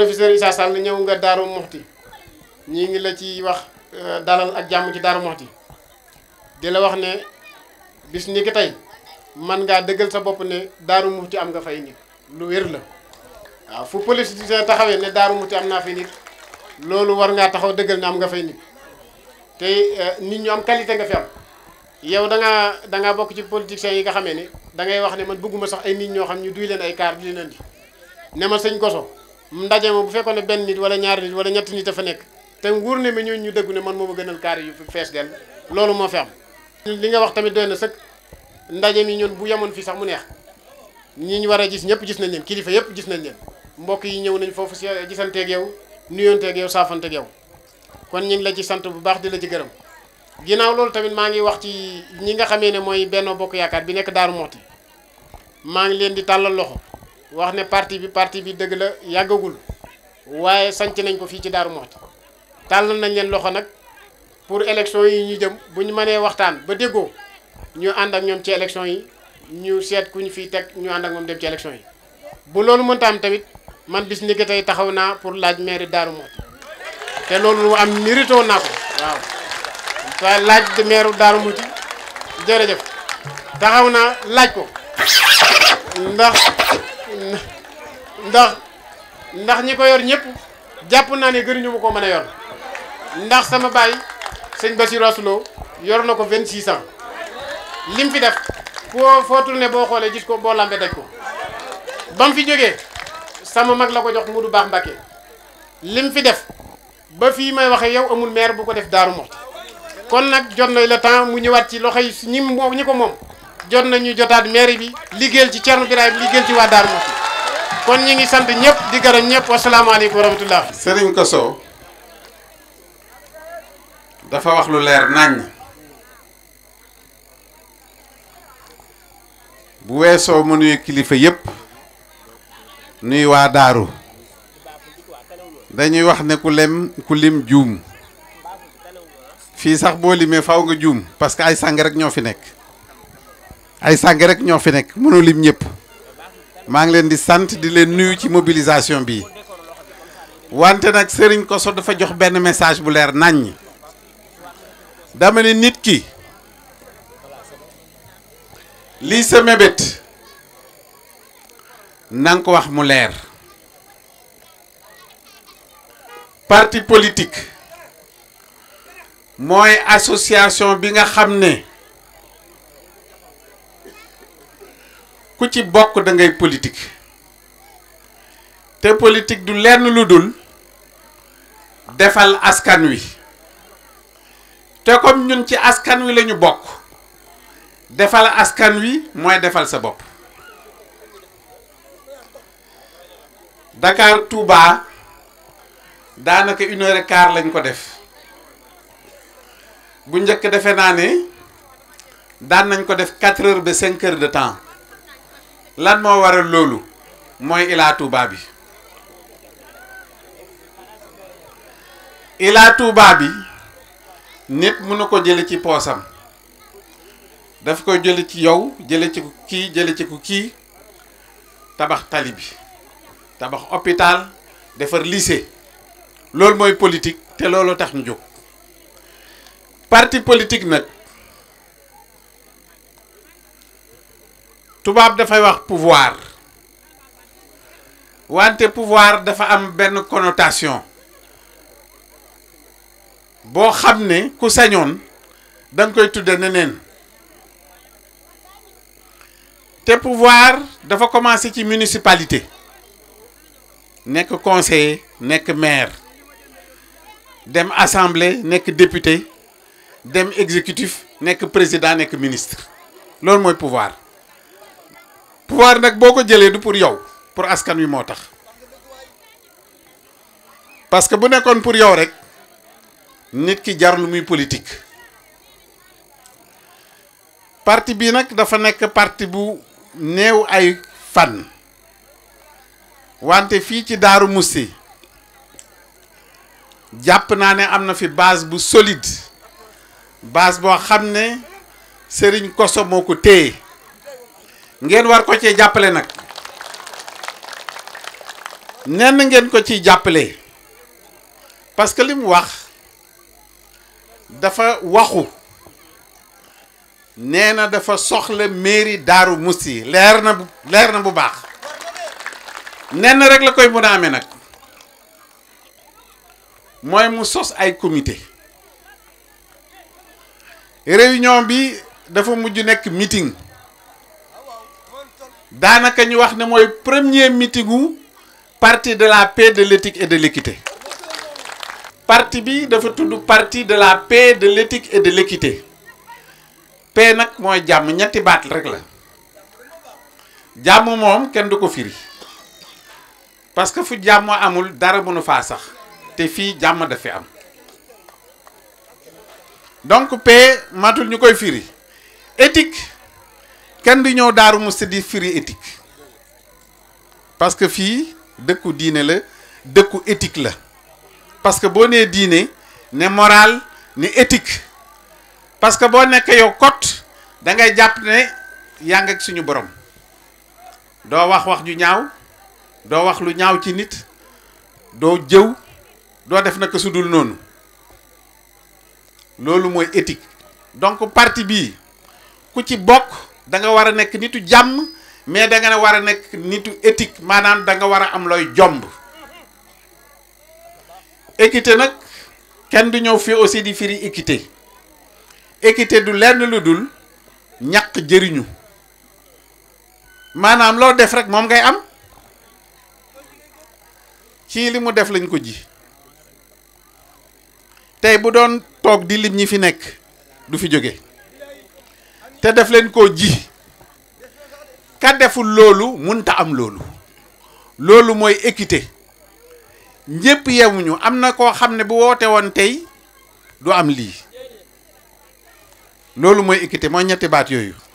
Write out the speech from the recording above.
professeur Issa Sall ñëw nga Daaru Muxti ñi ngi la ci wax euh, dalal ak jàmm ci Daaru Muxti di la wax ne bis ni ki tey man ngaa dëggal sa bopp ne Daaru Muxti am nga fay nit lu wér la waaw fu taxawee ne Daaru Muxti am naa fay nit loolu war ngaa taxaw dëggal ne am nga fay nit te euh, nit ñu am qualité nga fi am yow da ngaa da ngaa bokk ci politiciens yi nga xamee ne da ngay wax ne man bëgguma sax ay nit ñoo xam ñu duy leen ay kaar di leen andi ne ma sëñ Koso ndaje ma bu fekkoon ne benn nit wala ñaari nit wala ñett nit dafa nekk te nguur ne mi ñooñu ñu dëggu ne man moo ma gënal kaar yu fees del loolu moo fi am. li nga wax tamit doy na sëkk ndaje mi ñun bu yamoon fii sax mu neex ñi ñu war a gis ñëpp gis nañ leen kilifa yëpp gis nañ leen mbokk yi ñëw nañ foofu si gisanteeg yow nuyonteeg yow saafanteeg yow kon ñu la ji sant bu baax di la ci gërëm. ginnaaw loolu tamit maa ngi wax ci ñi nga xamee ne mooy Benno Bokk Yaakaar bi nekk Daaru Moxti maa ngi leen di tàllal loxo wax ne parti bi parti bi dëgg la yàggagul waaye sanc nañ ko fii ci Daaru Muxti tàllal nañ leen loxo nag pour élection yi ñu jëm bu ñu mënee waxtaan ba déggoo ñu ànd ak ñoom ci élection yi ñu seet ku ñu fiy teg ñu ànd ak moom dem ci élection yi bu loolu mënta am tamit man bis ni ki tey taxaw naa pour laaj maire Daaru Muxti te loolu lu am mérite woon naa ko waaw te laaj de maire Daaru Muxti jërëjëf taxaw naa laaj ko ndax ndax ndax ñi ko yor ñëpp jàpp naa ne gënuñu ma ko mën a yor ndax sama baay sëñ Bassirou yor na ko 26 ans lim fi def foo foo tourné boo xoolee gis ko boo lambee daj ko ba mu fi jógee sama mag la ko jox Modou Baax Mbacké lim fi def ba fii may waxee yow amul meer bu ko def Daaru Muxti kon nag jot na le temps mu ñëwaat ci loxo yi ñi ñi ko moom jot nañu jotaat maire bi liggéeyal ci Thierno Birahim liggéeyal ci waa Daaru Muxti kon ñi ngi sant ñëpp di gërëm ñëpp wasalaamaaleykum wa rahmatullah Serigne Kosso dafa wax lu leer naññ bu weesoo mu kilifa yëpp nuyu waa daaru dañuy wax ne ku lem ku lim juum fii sax boo limee faw nga juum parce que ay sàng rek ñoo fi nekk ay sàng rek ñoo fi nekk mënu lim ñëpp maa ngi leen di sant di leen nuyu ci mobilisation bi wante nag Serigne Kosso dafa jox benn message bu leer naññ dama ne nit ki lii sa mébét na ko wax mu leer parti politique mooy association bi nga xam ne ku ci bokk dangay ngay politique te politique du lenn lu dul defal askan wi te comme ñun ci askan wi lañu bokk defal askan wi mooy defal sa bopp Dakar Touba daanaka une heure lañ ko def bu njëkk defe naa ne daan nañ ko def quatre heures ba cinq heures de temps lan moo waral loolu mooy Ila Touba bi Ila Touba bi nit mënu ko jële ci poosam daf ko jële ci yow jële ci ku kii jële ci ku kii tabax tali bi tabax hôpital defar lycée loolu mooy politik te loolu tax ñu jóg parti politique nag tubaab dafay wax pouvoir wante pouvoir dafa am benn connotation boo xam ne ku sañoon danga koy tudde neneen te pouvoir dafa commencé ci municipalité nekk conseiller nekk maire dem assemblée nekk député dem exécutif nekk président nekk ministre loolu mooy pouvoir pouvoir nag boo ko jëlee du pour yow pour askan wi moo tax parce que bu nekkoon pour yow rek nit ki jar lu muy politique parti bii nag dafa nekk parti bu néew ay fan wante fii ci Daaru si jàpp naa ne am na fi base bu solide base boo xam ne sëriñ Koso moo ko téye ngeen war ko ci jàppale nag nenn ngeen ko ci jàppale parce que li wax dafa waxu nee na dafa soxla mairie Daaru Musti leer na bu leer na bu baax nenn rek la koy mën a amee nag mooy mu sos ay comité réunion bi dafa mujj nekk mitin daanaka ñu wax ne mooy premier meetingu parti de la paix de létique et de l'équité parti bi dafa tudd parti de la paix de létique et de l'équité paix nag mooy jàmm ñetti baat rek la jàmm moom kenn du ko firi parce que fu jàmm amul dara mënu faa sax te fii jàmm dafi am donc paix matul ñu koy firi éthique kenn du ñëw daaru musti di firi éthique parce que fii dëkku diine la dëkku éthique la parce que boo nee diine ne morale ne éthique parce que boo nekkee yow kot da ngay jàpp ne yaa suñu borom doo wax wax ju ñaaw doo wax lu ñaaw ci nit doo jëw doo def naka su dul noonu loolu mooy éthique donc parti bii ku ci bokk da nga war a nekk nitu jàmm mais da nga war a nekk nitu éthique maanaam da nga war a am looy jomb équité nag kenn du ñëw fi aussi di firi équité équité du lenn lu dul ñàq jëriñu maanaam loo def rek moom ngay am ci li mu def lañ ko ji tey bu doon toog di lim ñi fi nekk du fi jóge te def leen koo ji ka deful loolu munta am loolu loolu mooy équité ñépp yemuñu am na koo xam ne bu woote woon tey du am lii loolu mooy équité mooy ñetti baat yooyu